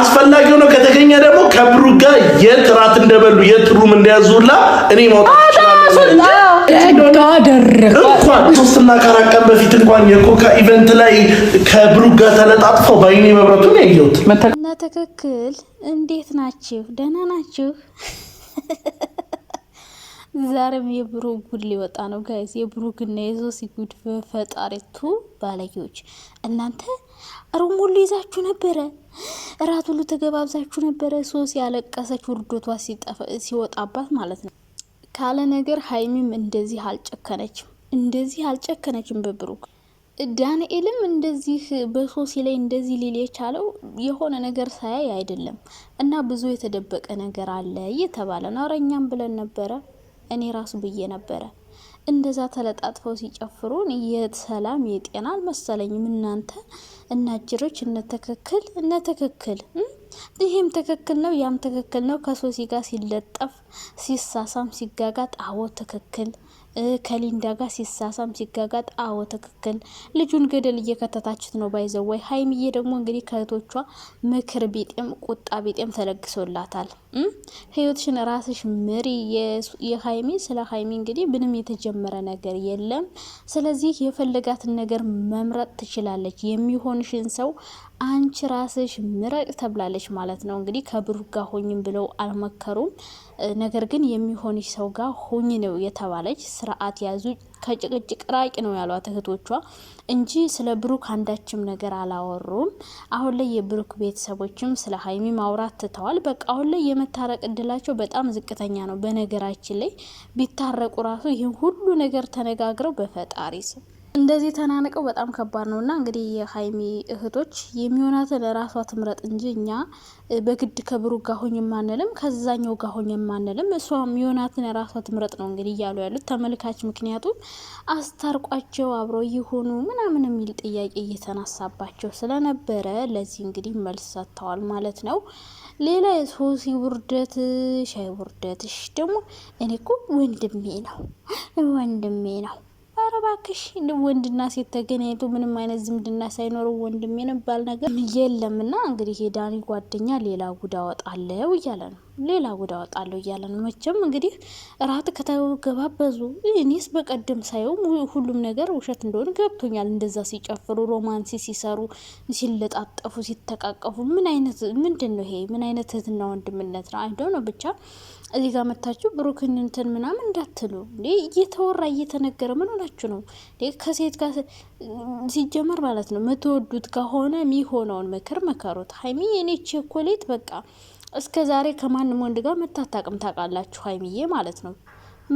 አስፈላጊ ሆኖ ከተገኘ ደግሞ ከብሩ ጋር የት ራት እንደበሉ የት ሩም እንደያዙላ እኔ ማውጣት እንኳን ሶስትና አራት ቀን በፊት እንኳን የኮካ ኢቨንት ላይ ከብሩ ጋር ተለጣጥፈው በአይኔ ነው ያየሁት እና ትክክል። እንዴት ናችሁ? ደህና ናችሁ? ዛሬም የብሩ ጉድ ሊወጣ ነው ጋይዝ። የብሩ ግና የዞ ሲጉድ በፈጣሪቱ ባለጌዎች እናንተ ሩም ሁሉ ይዛችሁ ነበረ፣ እራት ሁሉ ተገባብዛችሁ ነበረ። ሶስ ያለቀሰች ውርዶቷ ሲወጣባት ማለት ነው ካለ ነገር ሀይሚም እንደዚህ አልጨከነችም፣ እንደዚህ አልጨከነችም በብሩክ ዳንኤልም እንደዚህ በሶሲ ላይ እንደዚህ ሊል የቻለው የሆነ ነገር ሳያይ አይደለም። እና ብዙ የተደበቀ ነገር አለ እየተባለ ነው። አረኛም ብለን ነበረ እኔ ራሱ ብዬ ነበረ። እንደዛ ተለጣጥፈው ሲጨፍሩ የሰላም የጤና አልመሰለኝም። እናንተ እናጅሮች እነትክክል እነትክክል ይህም ትክክል ነው፣ ያም ትክክል ነው። ከሶሲ ጋር ሲለጠፍ ሲሳሳም ሲጋጋጥ አዎ ትክክል ከሊንዳ ጋር ሲሳሳም ሲጋጋጥ አዎ ትክክል። ልጁን ገደል እየከተታችት ነው ባይዘዋይ። ሀይሚዬ ደግሞ እንግዲህ ከእህቶቿ ምክር ቢጤም ቁጣ ቢጤም ተለግሶላታል። ህይወትሽን ራስሽ ምሪ። የሀይሚ ስለ ሀይሚ እንግዲህ ምንም የተጀመረ ነገር የለም። ስለዚህ የፈለጋትን ነገር መምረጥ ትችላለች። የሚሆንሽን ሰው አንቺ ራስሽ ምረቅ ተብላለች ማለት ነው። እንግዲህ ከብሩ ጋር ሆኝም ብለው አልመከሩም። ነገር ግን የሚሆንሽ ሰው ጋር ሆኝ ነው የተባለች። ስርዓት ያዙ፣ ከጭቅጭቅ ራቂ ነው ያሏት እህቶቿ እንጂ ስለ ብሩክ አንዳችም ነገር አላወሩም። አሁን ላይ የብሩክ ቤተሰቦችም ስለ ሀይሚ ማውራት ትተዋል። በቃ አሁን ላይ የመታረቅ እድላቸው በጣም ዝቅተኛ ነው። በነገራችን ላይ ቢታረቁ ራሱ ይህን ሁሉ ነገር ተነጋግረው በፈጣሪ ስም እንደዚህ ተናንቀው በጣም ከባድ ነው እና እንግዲህ የሀይሚ እህቶች የሚሆናትን ራሷ ትምረጥ እንጂ እኛ በግድ ከብሩ ጋሆኝ የማንልም ከዛኛው ጋሆኝ የማንልም እሷ የሚሆናትን ራሷ ትምረጥ ነው እንግዲህ እያሉ ያሉት ተመልካች። ምክንያቱም አስታርቋቸው አብረው የሆኑ ምናምን የሚል ጥያቄ እየተነሳባቸው ስለነበረ ለዚህ እንግዲህ መልስ ሰጥተዋል ማለት ነው። ሌላ የሶሲ ውርደት ሻይ ውርደትሽ ደግሞ እኔ እኮ ወንድሜ ነው ወንድሜ ነው ኧረ እባክሽ ወንድና ሴት ተገናኝቶ ምንም አይነት ዝምድና ሳይኖረው ወንድም የሚባል ነገር የለም። ና እንግዲህ የዳኒ ጓደኛ ሌላ ጉዳ ወጣለው እያለ ነው፣ ሌላ ጉዳ ወጣለው እያለ ነው። መቼም እንግዲህ እራት ከተገባበዙ እኔስ በቀደም ሳየው ሁሉም ነገር ውሸት እንደሆነ ገብቶኛል። እንደዛ ሲጨፍሩ፣ ሮማንስ ሲሰሩ፣ ሲለጣጠፉ፣ ሲተቃቀፉ ምን አይነት ምንድን ነው ይሄ? ምን አይነት እህትና ወንድምነት ነው? አይደው ነው ብቻ እዚህ ጋር መታችሁ ብሩክን እንትን ምናምን እንዳትሉ እንዴ! እየተወራ እየተነገረ ምን ሆናችሁ ነው ከሴት ጋር ሲጀመር ማለት ነው የምትወዱት ከሆነ የሚሆነውን ምክር መከሩት። ሀይሚ የኔ ቸኮሌት በቃ እስከ ዛሬ ከማንም ወንድ ጋር መታታቅም ታውቃላችሁ። ሀይሚዬ ማለት ነው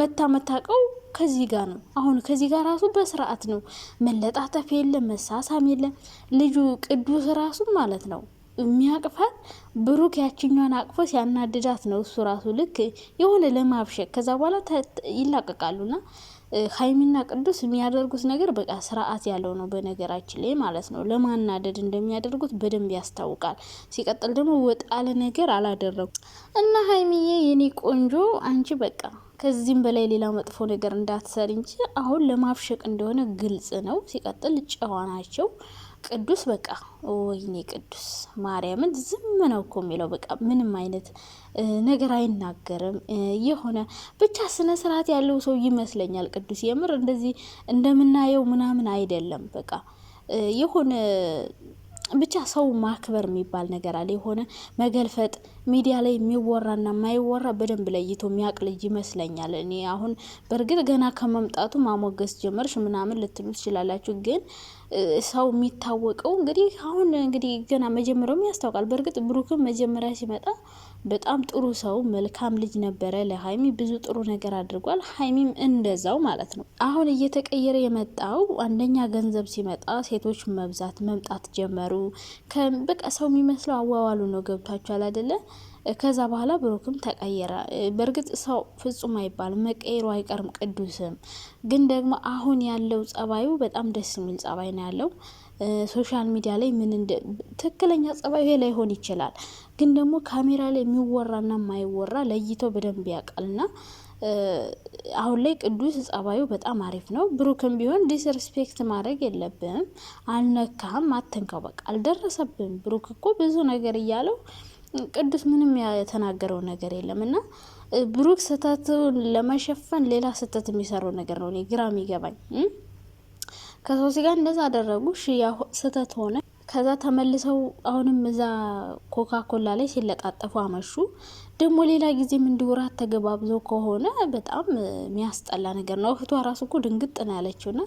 መታ መታቀው ከዚህ ጋር ነው። አሁን ከዚህ ጋር ራሱ በስርዓት ነው መለጣጠፍ የለም መሳሳም የለም ልጁ ቅዱስ ራሱ ማለት ነው የሚያቅፋት ብሩክ ያችኛዋን አቅፎ ሲያናድዳት ነው። እሱ ራሱ ልክ የሆነ ለማብሸቅ ከዛ በኋላ ይላቀቃሉና ሀይሚና ቅዱስ የሚያደርጉት ነገር በቃ ስርዓት ያለው ነው። በነገራችን ላይ ማለት ነው ለማናደድ እንደሚያደርጉት በደንብ ያስታውቃል። ሲቀጥል ደግሞ ወጣለ ነገር አላደረጉ እና ሀይሚዬ የኔ ቆንጆ አንቺ በቃ ከዚህም በላይ ሌላ መጥፎ ነገር እንዳትሰር እንጂ አሁን ለማብሸቅ እንደሆነ ግልጽ ነው። ሲቀጥል ጨዋ ናቸው። ቅዱስ በቃ ወይኔ ቅዱስ ማርያምን ዝም ነው እኮ የሚለው። በቃ ምንም አይነት ነገር አይናገርም። የሆነ ብቻ ስነ ስርዓት ያለው ሰው ይመስለኛል ቅዱስ። የምር እንደዚህ እንደምናየው ምናምን አይደለም። በቃ የሆነ ብቻ ሰው ማክበር የሚባል ነገር አለ። የሆነ መገልፈጥ ሚዲያ ላይ የሚወራና የማይወራ በደንብ ለይቶ የሚያውቅ ልጅ ይመስለኛል። እኔ አሁን በእርግጥ ገና ከመምጣቱ ማሞገስ ጀመርሽ ምናምን ልትሉ ትችላላችሁ። ግን ሰው የሚታወቀው እንግዲህ አሁን እንግዲህ ገና መጀመሪያውም ያስታውቃል። በእርግጥ ብሩክም መጀመሪያ ሲመጣ በጣም ጥሩ ሰው መልካም ልጅ ነበረ። ለሀይሚ ብዙ ጥሩ ነገር አድርጓል። ሀይሚም እንደዛው ማለት ነው። አሁን እየተቀየረ የመጣው አንደኛ ገንዘብ ሲመጣ ሴቶች መብዛት መምጣት ጀመሩ። በቃ ሰው የሚመስለው አዋዋሉ ነው። ገብቷችኋል አይደለ? ከዛ በኋላ ብሩክም ተቀየረ። በእርግጥ ሰው ፍጹም አይባልም፣ መቀየሩ አይቀርም ቅዱስም። ግን ደግሞ አሁን ያለው ጸባዩ በጣም ደስ የሚል ጸባይ ነው ያለው ሶሻል ሚዲያ ላይ ምን እንደ ትክክለኛ ጸባይ ይሄ ላይሆን ይችላል። ግን ደግሞ ካሜራ ላይ የሚወራና የማይወራ ለይቶ በደንብ ያውቃልና አሁን ላይ ቅዱስ ጸባዩ በጣም አሪፍ ነው። ብሩክም ቢሆን ዲስሪስፔክት ማድረግ የለብም። አልነካም፣ አትንካው፣ በቃ አልደረሰብም። ብሩክ እኮ ብዙ ነገር እያለው ቅዱስ ምንም የተናገረው ነገር የለም እና ብሩክ ስህተቱን ለመሸፈን ሌላ ስህተት የሚሰራው ነገር ነው። እኔ ግራ ከሶሲ ጋር እንደዛ አደረጉ። እሺ ያው ስህተት ሆነ። ከዛ ተመልሰው አሁንም እዛ ኮካኮላ ላይ ሲለጣጠፉ አመሹ። ደግሞ ሌላ ጊዜም እንዲውራት ተገባብዞ ከሆነ በጣም የሚያስጠላ ነገር ነው። እህቷ ራሱ እኮ ድንግጥ ነው ያለችው። ና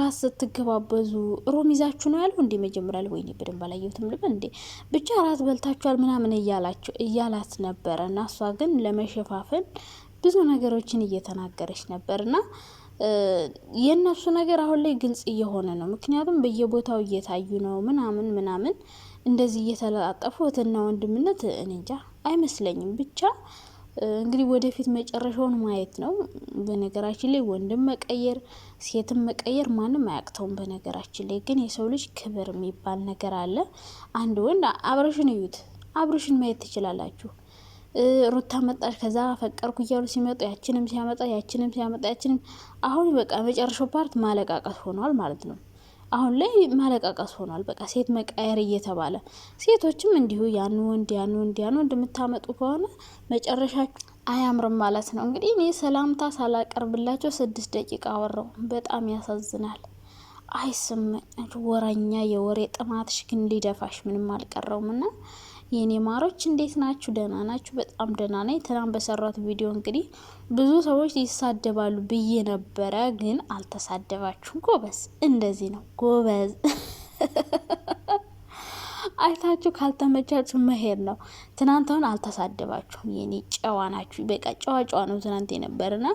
ራስ ስትገባበዙ ሮም ይዛችሁ ነው ያለው እንዴ? መጀመሪያ ላይ ወይኔ በደንብ አላየሁትም ልበል እንዴ? ብቻ ራት በልታችኋል ምናምን እያላቸው እያላት ነበረ እና እሷ ግን ለመሸፋፈን ብዙ ነገሮችን እየተናገረች ነበር ና የእነሱ ነገር አሁን ላይ ግልጽ እየሆነ ነው። ምክንያቱም በየቦታው እየታዩ ነው ምናምን ምናምን እንደዚህ እየተለጣጠፉ እህትና ወንድምነት እንጃ አይመስለኝም። ብቻ እንግዲህ ወደፊት መጨረሻውን ማየት ነው። በነገራችን ላይ ወንድም መቀየር፣ ሴትም መቀየር ማንም አያቅተውም። በነገራችን ላይ ግን የሰው ልጅ ክብር የሚባል ነገር አለ። አንድ ወንድ አብረሽን እዩት፣ አብረሽን ማየት ትችላላችሁ። ሩታ መጣች፣ ከዛ ፈቀርኩ እያሉ ሲመጡ ያችንም ሲያመጣ ያችንም ሲያመጣ ያችንም አሁን በቃ መጨረሻው ፓርት ማለቃቀስ ሆኗል ማለት ነው። አሁን ላይ ማለቃቀስ ሆኗል። በቃ ሴት መቃየር እየተባለ ሴቶችም እንዲሁ ያን ወንድ ያን ወንድ ያን ወንድ የምታመጡ ከሆነ መጨረሻችሁ አያምርም ማለት ነው። እንግዲህ እኔ ሰላምታ ሳላቀርብላቸው ስድስት ደቂቃ አወራው። በጣም ያሳዝናል። አይስም ወረኛ የወሬ ጥማትሽ ግን ሊደፋሽ ምንም አልቀረውም እና የኔ ማሮች እንዴት ናችሁ? ደህና ናችሁ? በጣም ደህና ነኝ። ትናንት በሰራት ቪዲዮ እንግዲህ ብዙ ሰዎች ይሳደባሉ ብዬ ነበረ፣ ግን አልተሳደባችሁም። ጎበዝ፣ እንደዚህ ነው ጎበዝ አይታችሁ ካልተመቻችሁ መሄድ ነው። ትናንተውን አልተሳደባችሁም። የኔ ጨዋ ናችሁ። በቃ ጨዋ ጨዋ ነው ትናንት የነበርና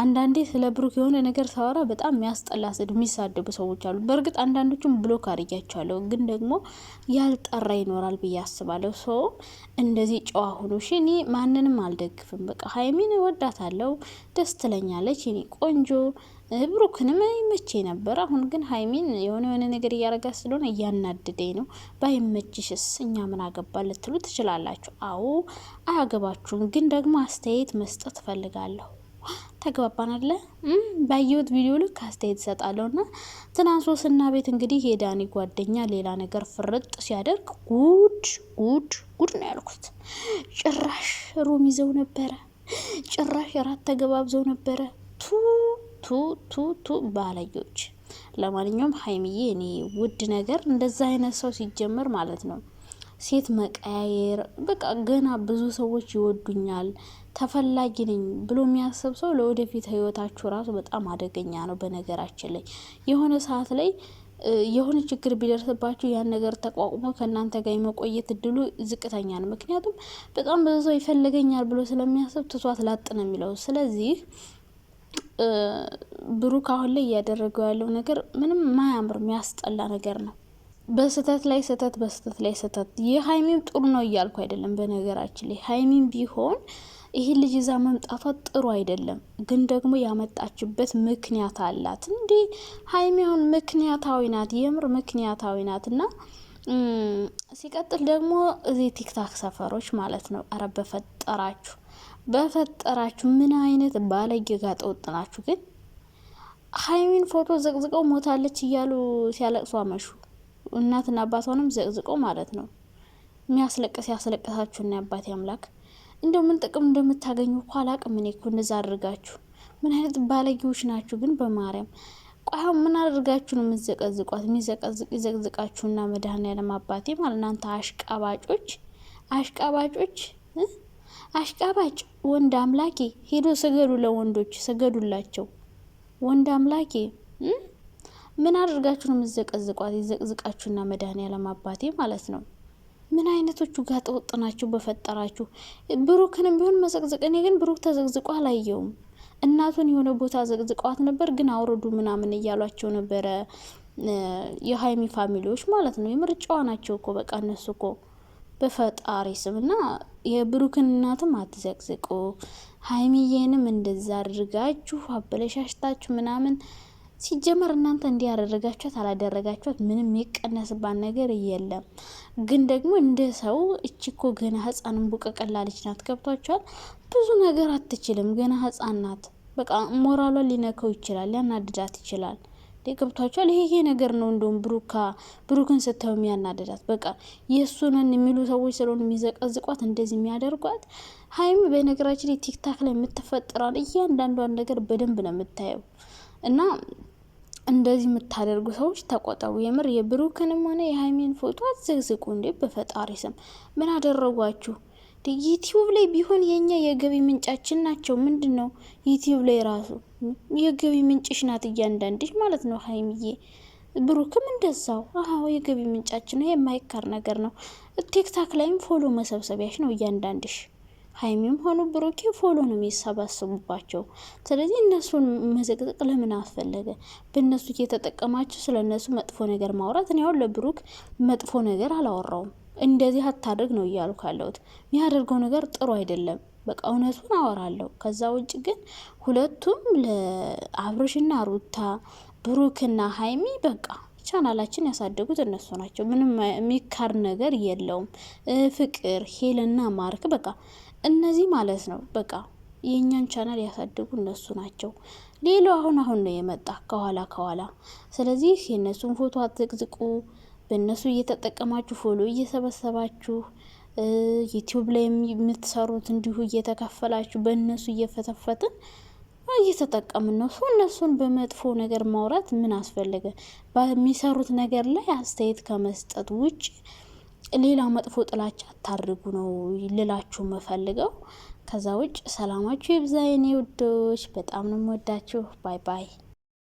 አንዳንዴ ስለ ብሩክ የሆነ ነገር ሳወራ በጣም የሚያስጠላ ስድብ የሚሳደቡ ሰዎች አሉ። በእርግጥ አንዳንዶቹም ብሎክ አድርጊያቸዋለሁ፣ ግን ደግሞ ያልጠራ ይኖራል ብዬ አስባለሁ። ሰው እንደዚህ ጨዋ ሁኑ። እሺ እኔ ማንንም አልደግፍም። በቃ ሀይሚን ወዳታለሁ፣ ደስ ትለኛለች፣ የኔ ቆንጆ ብሩክንም ይመቼ ነበር። አሁን ግን ሀይሚን የሆነ የሆነ ነገር እያረጋ ስለሆነ እያናደደኝ ነው። ባይመችሽስ እኛ ምን አገባ ልትሉ ትችላላችሁ። አዎ አያገባችሁም፣ ግን ደግሞ አስተያየት መስጠት ፈልጋለሁ ተግባባን አለ ባየሁት ቪዲዮ ልክ አስተያየት እሰጣለሁ። ና ትናንት ሶስና ቤት እንግዲህ የዳኒ ጓደኛ ሌላ ነገር ፍርጥ ሲያደርግ ጉድ ጉድ ጉድ ነው ያልኩት። ጭራሽ ሮም ይዘው ነበረ፣ ጭራሽ እራት ተገባብዘው ነበረ ቱ ቱ ቱ ቱ ባለጌዎች። ለማንኛውም ሀይሚዬ እኔ ውድ ነገር እንደዛ አይነት ሰው ሲጀመር ማለት ነው ሴት መቀያየር በቃ ገና ብዙ ሰዎች ይወዱኛል ተፈላጊ ነኝ ብሎ የሚያስብ ሰው ለወደፊት ህይወታችሁ ራሱ በጣም አደገኛ ነው። በነገራችን ላይ የሆነ ሰዓት ላይ የሆነ ችግር ቢደርስባችሁ ያን ነገር ተቋቁሞ ከእናንተ ጋር የመቆየት እድሉ ዝቅተኛ ነው። ምክንያቱም በጣም ብዙ ሰው ይፈልገኛል ብሎ ስለሚያስብ ትቷት ላጥ ነው የሚለው ስለዚህ ብሩክ አሁን ላይ እያደረገው ያለው ነገር ምንም ማያምር የሚያስጠላ ነገር ነው። በስህተት ላይ ስህተት፣ በስህተት ላይ ስህተት። ይህ ሀይሚም ጥሩ ነው እያልኩ አይደለም። በነገራችን ላይ ሀይሚም ቢሆን ይህን ልጅ ይዛ መምጣቷ ጥሩ አይደለም፣ ግን ደግሞ ያመጣችበት ምክንያት አላት። እንዲህ ሀይሚ ምክንያታዊ ናት፣ የምር ምክንያታዊ ናት እና ሲቀጥል ደግሞ እዚህ ቲክታክ ሰፈሮች ማለት ነው። አረ በፈጠራችሁ በፈጠራችሁ ምን አይነት ባለጌ ጋጠ ወጥ ግን? ሀይሚን ፎቶ ዘቅዝቀው ሞታለች እያሉ ሲያለቅሱ አመሹ። እናትና አባቷንም ዘቅዝቀው ማለት ነው። የሚያስለቅስ ያስለቅሳችሁና አባቴ አምላክ እንደው ምን ጥቅም እንደምታገኙ እኮ አላቅም። እኔ እኮ እንደዛ አድርጋችሁ ምን አይነት ባለጌዎች ናችሁ ግን? በማርያም ቆያ ምን አድርጋችሁ ነው የምትዘቀዝቋት? የሚዘቀዝቃችሁና ይዘቅዝቃችሁና መድኃኔዓለም አባቴ ማለት እናንተ አሽቃባጮች አሽቃባጮች አሽቃባጭ ወንድ አምላኬ ሄዶ ስገዱ፣ ለወንዶች ስገዱላቸው። ወንድ አምላኬ ምን አድርጋችሁ ነው የምዘቀዝቋት? የዘቅዝቃችሁና መድኃኔዓለም አባቴ ማለት ነው። ምን አይነቶቹ ጋጠወጥ ናችሁ በፈጠራችሁ። ብሩክንም ቢሆን መዘቅዘቅ። እኔ ግን ብሩክ ተዘቅዝቆ አላየውም። እናቱን የሆነ ቦታ ዘቅዝቋት ነበር፣ ግን አውረዱ ምናምን እያሏቸው ነበረ የሀይሚ ፋሚሊዎች ማለት ነው። የምርጫዋ ናቸው እኮ በቃ እነሱ እኮ በፈጣሪ ስም እና የብሩክን እናትም አትዘቅዝቁ። ሀይሚዬንም እንደዛ አድርጋችሁ አበለሻሽታችሁ ምናምን ሲጀመር እናንተ እንዲህ ያደረጋችኋት አላደረጋችኋት ምንም የቀነስባት ነገር የለም። ግን ደግሞ እንደ ሰው እቺ እኮ ገና ህፃንን ቡቀቀላ ናት። ገብቷችኋል? ብዙ ነገር አትችልም። ገና ህፃን ናት። በቃ ሞራሏን ሊነከው ይችላል፣ ሊያናድዳት ይችላል። ገብቷቸዋል። ይሄ ይሄ ነገር ነው። እንደውም ብሩካ ብሩክን ስታዩ የሚያናደዳት በቃ የእሱንን የሚሉ ሰዎች ስለሆኑ የሚዘቀዝቋት እንደዚህ የሚያደርጓት ሀይም በነገራችን ላይ ቲክታክ ላይ የምትፈጠረውን እያንዳንዷን ነገር በደንብ ነው የምታየው እና እንደዚህ የምታደርጉ ሰዎች ተቆጠቡ። የምር የብሩክንም ሆነ የሀይሜን ፎቶ አትዘግዝቁ። እንዴ በፈጣሪ ስም ምን አደረጓችሁ? ዩቲዩብ ላይ ቢሆን የኛ የገቢ ምንጫችን ናቸው። ምንድን ነው ዩቲዩብ ላይ ራሱ የገቢ ምንጭሽ ናት እያንዳንድሽ ማለት ነው ሀይሚዬ። ብሩክም እንደዛው አዎ የገቢ ምንጫችን ነው፣ የማይካር ነገር ነው። ቲክታክ ላይም ፎሎ መሰብሰቢያሽ ነው እያንዳንድሽ። ሀይሚም ሆኑ ብሩኬ ፎሎ ነው የሚሰባሰቡባቸው። ስለዚህ እነሱን መዘቅዘቅ ለምን አስፈለገ? በእነሱ የተጠቀማቸው ስለ እነሱ መጥፎ ነገር ማውራት። እኔ አሁን ለብሩክ መጥፎ ነገር አላወራውም። እንደዚህ አታድርግ ነው እያሉ ካለሁት። የሚያደርገው ነገር ጥሩ አይደለም። በቃ እውነቱን አወራለሁ። ከዛ ውጭ ግን ሁለቱም ለአብርሽና ሩታ ብሩክና ሀይሚ በቃ ቻናላችን ያሳደጉት እነሱ ናቸው። ምንም የሚካር ነገር የለውም። ፍቅር ሄልና ማርክ በቃ እነዚህ ማለት ነው። በቃ የእኛን ቻናል ያሳደጉ እነሱ ናቸው። ሌላው አሁን አሁን ነው የመጣ ከኋላ ከኋላ። ስለዚህ የእነሱን ፎቶ አትዘቅዝቁ። በእነሱ እየተጠቀማችሁ ፎሎ እየሰበሰባችሁ ዩቲዩብ ላይ የምትሰሩት እንዲሁ እየተከፈላችሁ በእነሱ እየፈተፈትን እየተጠቀምን ነው። እነሱን በመጥፎ ነገር ማውራት ምን አስፈለገ? በሚሰሩት ነገር ላይ አስተያየት ከመስጠት ውጭ ሌላ መጥፎ ጥላቻ አታድርጉ ነው ልላችሁ የምፈልገው። ከዛ ውጭ ሰላማችሁ ይብዛ የኔ ውዶች፣ በጣም ነው የምወዳችሁ። ባይ ባይ።